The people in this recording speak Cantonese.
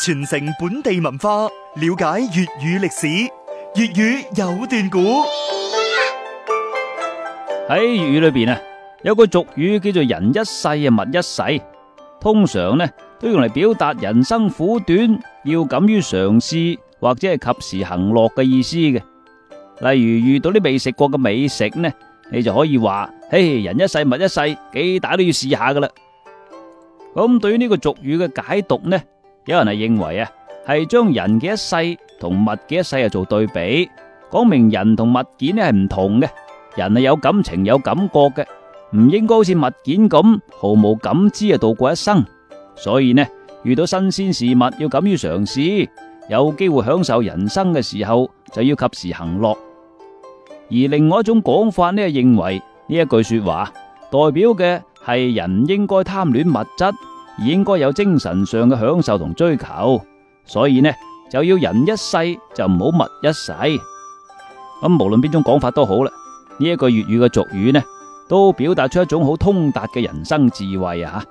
傳承本地文化，了解粵語歷史。粵語有段古喺粵語裏邊啊，有個俗語叫做“人一世啊，物一世”，通常呢都用嚟表達人生苦短，要敢於嘗試或者係及時行樂嘅意思嘅。例如遇到啲未食過嘅美食呢，你就可以話：嘿，人一世，物一世，幾大都要試下噶啦。咁對於呢個俗語嘅解讀呢？有人係認為啊，係將人嘅一世同物嘅一世啊做對比，講明人同物件呢係唔同嘅，人係有感情有感覺嘅，唔應該好似物件咁毫無感知啊度過一生。所以呢，遇到新鮮事物要敢於嘗試，有機會享受人生嘅時候就要及時行樂。而另外一種講法呢，認為呢一句說話代表嘅係人應該貪戀物質。應該有精神上嘅享受同追求，所以呢就要人一世就唔好物一世。咁無論邊種講法都好啦，呢一個粵語嘅俗語呢，都表達出一種好通達嘅人生智慧啊！